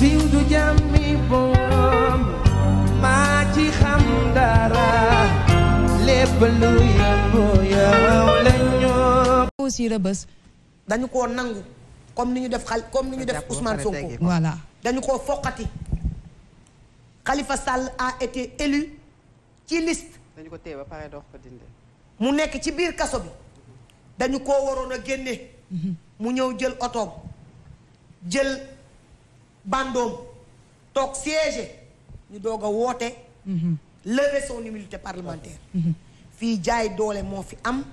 Siwdu jàmmi boom maa ci xam dara dañu koo nangu comme ni def xal comme ni def Ousmane Sonko voilà dañu koo fokati Khalifa Sall a été élu ci liste dañu ko téye ba pare dox ko dindi mu nekk ci biir kaso bi dañu koo waroon a mhm. mu ñëw jël otoom jël bandoom toog siège ñu doog a woote mhm. lever son immunité parlementaire fii jaay doole moo fi am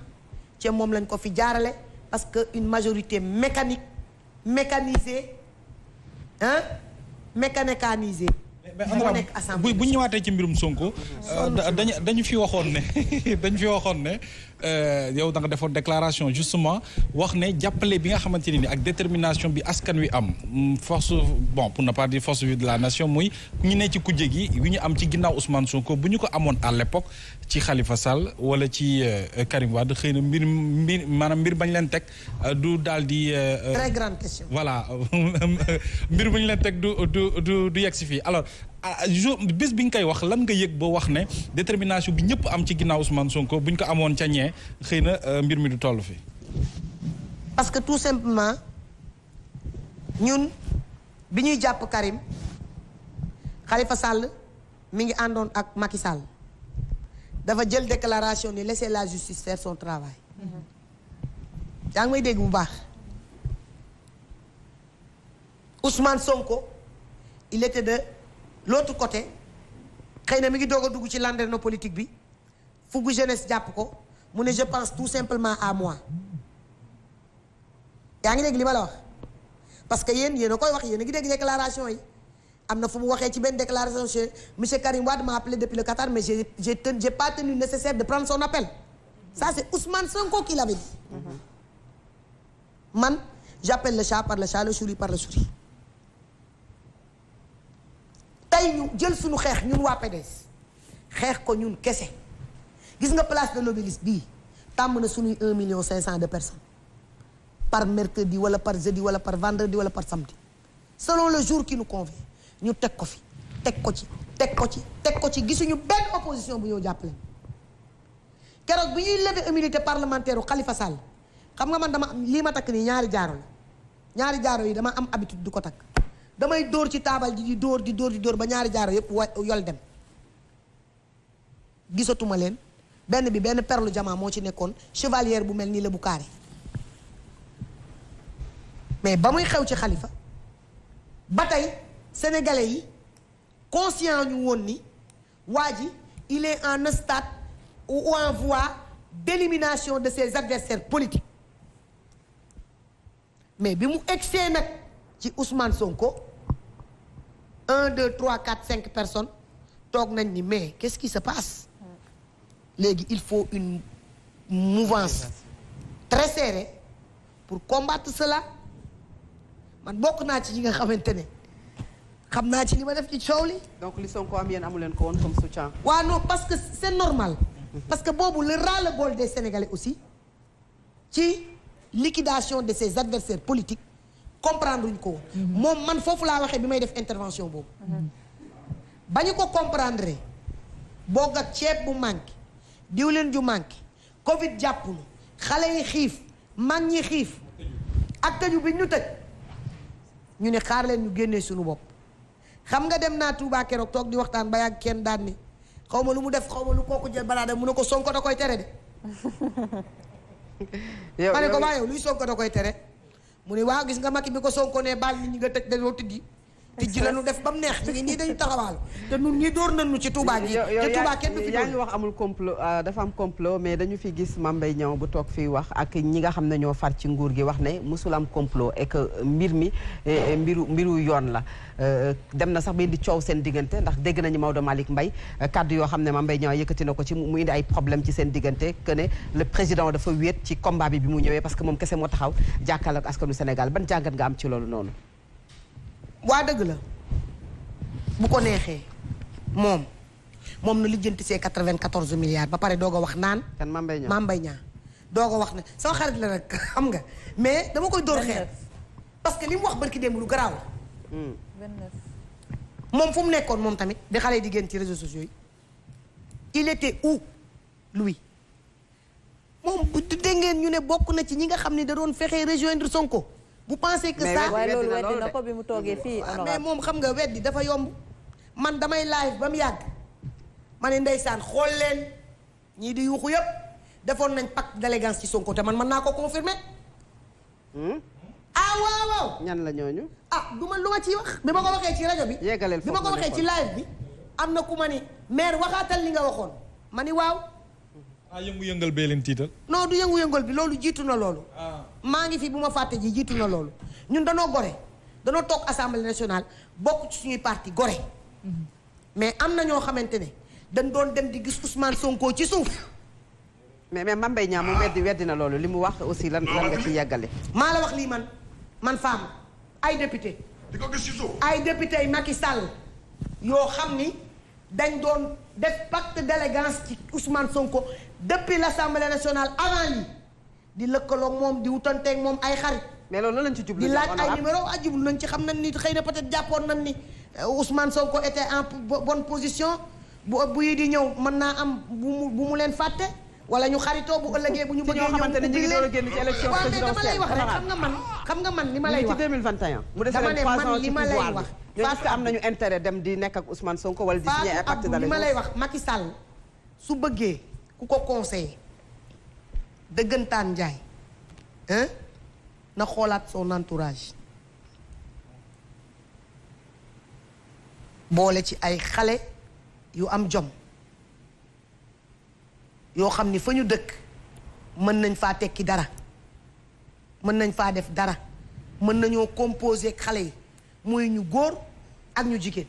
ci moom lañ ko fi jaarale parce que une majorité mécanique mécanisée hein mécanicanisée bu bu ñëwaatee ci mbirum Sonko. Euh, dañu fi waxoon ne dañu fi waxoon ne euh, yow da nga defoon déclaration justement wax ne jàppale bi nga xamante ni ak détermination bi askan wi am mm, force bon pour ne pas dire force de la nation muy ñu ne ci kujje gi yu ñu am ci ginnaaw Ousmane Sonko bu ñu ko amoon à l'époque ci Khalifa Sall wala ci euh, Karim Wade xëy na mbir mbir maanaam mbir bañ leen teg du daal di. très grande question. voilà mbir bañ leen teg du du du du yegg si fii alors. Ah, jour bés bi nga koy wax lan nga yëg ba wax ne détermination bi ñëpp am ci ginnaaw Ousmane Sonko bu ñu ko amoon ca xëy na euh, mbir mi du toll fi parce que tout simplement ñun bi ñuy jàpp Karim Khalifa Sall mi ngi àndoon ak Macky Sall dafa jël declaration ni laissez la justice faire son travail mm-hmm. yaa ngi may dégg bu baax Ousmane Sonko l'autre côté xëy mi ngi doog a dugg ci landerneau politique bi fuggu jeunesse japp ko mu ne je pense tout simplement à moi yaa ngi dégg li ma la wax parce que yéen yéen a koy wax yéen a ngi dégg déclaration yi am na fu mu waxee ci benn déclaration monsieur monsieur Karim Wade m'a appelé depuis le Qatar mais j'ai j'ai j'ai pas tenu nécessaire de prendre son appel ça c'est Ousmane Sonko qui l'avait dit mm-hmm. man j'appelle le chat par le chat le souris par le souris tey ñu jël suñu xeex ñun waa PDS xeex ko ñun kese gis nga place de l'Obélisque bii tàmm na suñuy 1 million de personnes par mercredi wala par jeudi wala par vendredi wala par samedi selon le jour qui nous convient ñu teg ko fi teg ko ci teg ko ci teg ko ci gisuñu benn opposition bu ñëw jàppale keroog bu ñuy lever immunité parlementaire u Khalifa Sall xam nga man dama am lii ma takk nii ñaari jaaro la ñaari jaaro yi dama am habitude du ko takk damay d'or, ci taabal ji di d'or, di dóor di dóor ba ñaari jaar yëpp yol dem gisatuma leen benn bi benn perlu jamaa moo ci nekkoon chevalier bu mel nii la bu kaare mais ba muy xew ci xalifa ba tey sénégalais yi conscient ñu woon ni waa ji il est en stade ou en voie d'élimination de ses adversaires politiques mais bi mu egsee nag ci Ousmane Sonko 1, 2, 3, 4, 5 personnes. mais qu'est-ce qui se passe Il faut une mouvance très serrée pour combattre cela. Je ne sais pas si tu Donc, ils sont combien à Moulin comme soutien ou non, parce que c'est normal. Parce que Bobo, le ras-le-bol des Sénégalais aussi, qui liquidation de ses adversaires politiques, comprendre uñ ko woon mhm. moom man fofu la waxe bi may def intervention bob. Mhm. Mhm. bañ ko comprendre boog ak ceeb bu diw diwlin ju manki covid jàppunu xalé yi xif mag ñi xif ak tañu bi ñu tej ñu ne xaar leen ñu génnee suñu bop xam nga dem na Touba kéro tok di waxtaan ba yàgg kenn daan ni xawma lu mu def xawma lu koku jël balade mu ne ko sonko da koy téré de ma ko waa yow luy sonko da koy téré mu ne waaw gis nga Macky bi ko Sonko ne baal nit ñi nga tëj dañoo tëddi tijji la ñu def ba neex ñu nii dañu taxawaal te ñun ñi dóor nañu ci Touba gi te Touba kenn fi wax amul complot euh, dafa am complot mais dañu fi gis ma Mbaye Niang bu toog fii wax ak ñi nga xam ne ñoo far ci nguur gi wax ne musul am complot et mbir mi eh, eh, mbiru mbiru yoon la euh, dem na sax ba indi coow seen diggante ndax dégg nañu Maodo Malick mbay euh, kaddu yoo xam ne Mame Mbaye Niang yëkkati na ko ci mu indi ay problème ci seen diggante que ne le président dafa wéet ci combat bi bi mu ñëwee parce que moom kese moo taxaw jàkkaarloo ak Sénégal ban jàngat nga am ci loolu noonu waa dëgg la bu ko neexee moom moom na lijjanti see vingt 94 milliards ba pare doo a wax naan. kan Mame Mbaye Niang Mame Mbaye Niang doog a wax ne sama xarit la nag xam nga mais dama koy dóor xeer. parce que li mu wax barki démb lu garaaw la. Hmm. moom fu mu nekkoon moom tamit di xale yi di génn ci réseaux sociaux yi il était où lui moom bu dégg ngeen ñu ne bokk na ci ñi nga xam ni da doon fexe rejoindre Sonko. bu pensez que ça waaye loolu weddi ko bi mu toogee fii ah, moom xam nga weddi dafa yomb man damay live ba mu yàgg ma ne ndeysaan xool leen ñii di yuuxu yëpp defoon nañ pacte d'allégeance ci Sonko man mën naa ko confirmer hmm? ah waaw ñan la ñooñu ah du ma lu ma ciy wax bi ma ko ci rajo bi yeggaleel bi ma ci live bi am na ku ma ni maire waxaatal li nga waxoon ma ni waaw ah yëngu-yëngal bee leen tiital. non du yëngu-yëngal bi loolu jiitu na loolu. Ah. maa ngi fi bu ma fàtte ji jiitu na loolu ñun danoo gore danoo toog assemblée national bokk ci suñuy parti gore. Mhm. mais am na ñoo xamante ne dañ doon dem di gis Ousmane Sonko ci suuf. mais mais Mame Mbaye Niang mu weddi na loolu li mu wax aussi lan lan nga ci yàggale. maa la wax lii man man femme ay député. di ko gis ay député Macky Sall yoo xam ni dañ doon def pacte d'élégance ci Ousmane Sonko. depuis l'Assemblée nationale avant lii di lëkkaloog moom di wutanteeg moom ay xarit. mais loolu lañ ci jublu di laaj ay numéro ah jublu nañ ci xam nañ ni xëy na peut-être jàppoon nañ ni euh, Ousmane Sonko était en bonne position bu bu yi di ñëw mën naa am bu mu bu mu leen fàtte. wala ñu xaritoo bu ëllëgee bu ñu bëggee ñoom xamante ne a génn dama lay wax rek xam nga man xam nga man li ma lay wax ci am nañu intérêt dem di nekk ak Ousmane Sonko wala di signer un pacte d'allégeance li ma lay wax Macky Sall su bëggee ku ko conseillé dëggantaan njaay na xoolaat son entourage boole ci ay xale yu am jom yoo xam ni fa ñu dëkk mën nañ faa tekki dara mën nañ faa def dara mën nañoo composer xale yi muy ñu góor ak ñu jigéen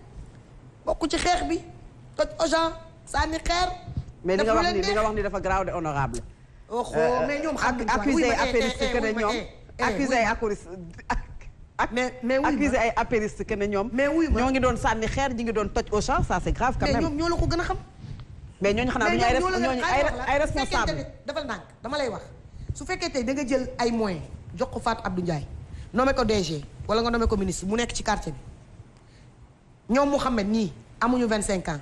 bokk ci xeex bi toj agent sànni xeer. mais li nga wax ni li nga wax ni dafa grave de honorable waxoo euh, mais ñoom xam nga accusé ay eh, apériste eh, que ne eh, ñoom. accusé ay apériste mais mais wuy accusé ay apériste que ne ñoom. mais wuy ñoo ngi doon sànni xeer ñi ngi doon toj agent ça c'est grave quand même. mais ñoom ñoo la ko gën a xam. mais ñooñu xanaa duñu ay ñooñu ay responsable dafa ndànk dama lay wax su fekkee tey da nga jël ay moyens jox ko Fatou Abdou Ndiaye nommé ko DG wala nga nommé ko ministre mu nekk ci quartier bi ñoom Mouhamed ni amuñu 25 ans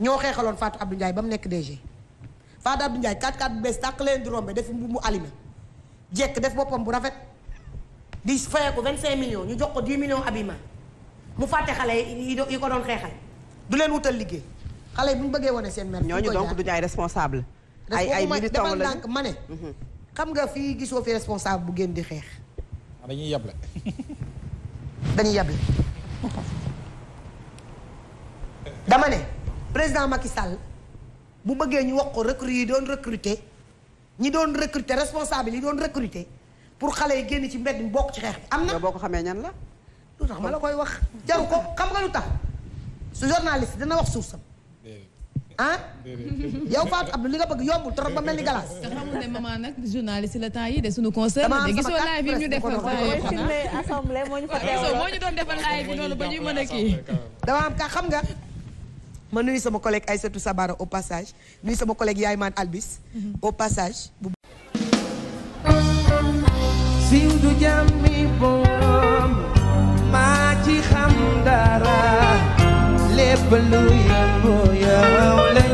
ñoo xéxalon Fatou Abdou ndjay bam nek DG Fatou Abdou ndjay 4 4 bu bees tàq leen def mbubb alima allumé def boppam bu rafet di fayee ko 25 millions ñu jox ko 10 millions abima mu faté xalé yi yi ko doon xeexal du len wutal liggé xalé yi bëggé woné sen mère seen mer. donc du ay responsable. ay ay militants la ma ne. Mhm. xam nga fi gisoo fi responsable bu gën di xéx ah, dañuy yablé dañuy yablé dama ne président Macky Sall bu bëggee ñu wax ko recruter yi doon recruter ñi doon recruter responsable yi doon recruter pour xale yi génn ci mbedd mi bokk ci xeex bi am na. boo ko xamee ñan la. lu tax ma la koy wax jaru ko xam nga lu tax su journaliste dana wax suuf sam ah yow Fatou Abdou li nga bëgg yombul trop ba mel ni galaas. te xamul ne maman nag la temps yi de sunu conseil. damaa am sama carte presse de moo ñu fa teewal moo ñu doon defal live yi noonu dama am ka xam nga ma nuyu sama collègue Aïssatou Sabara au passage nuyu sama collègue Yaay Albis au passage ci xam dara lu yow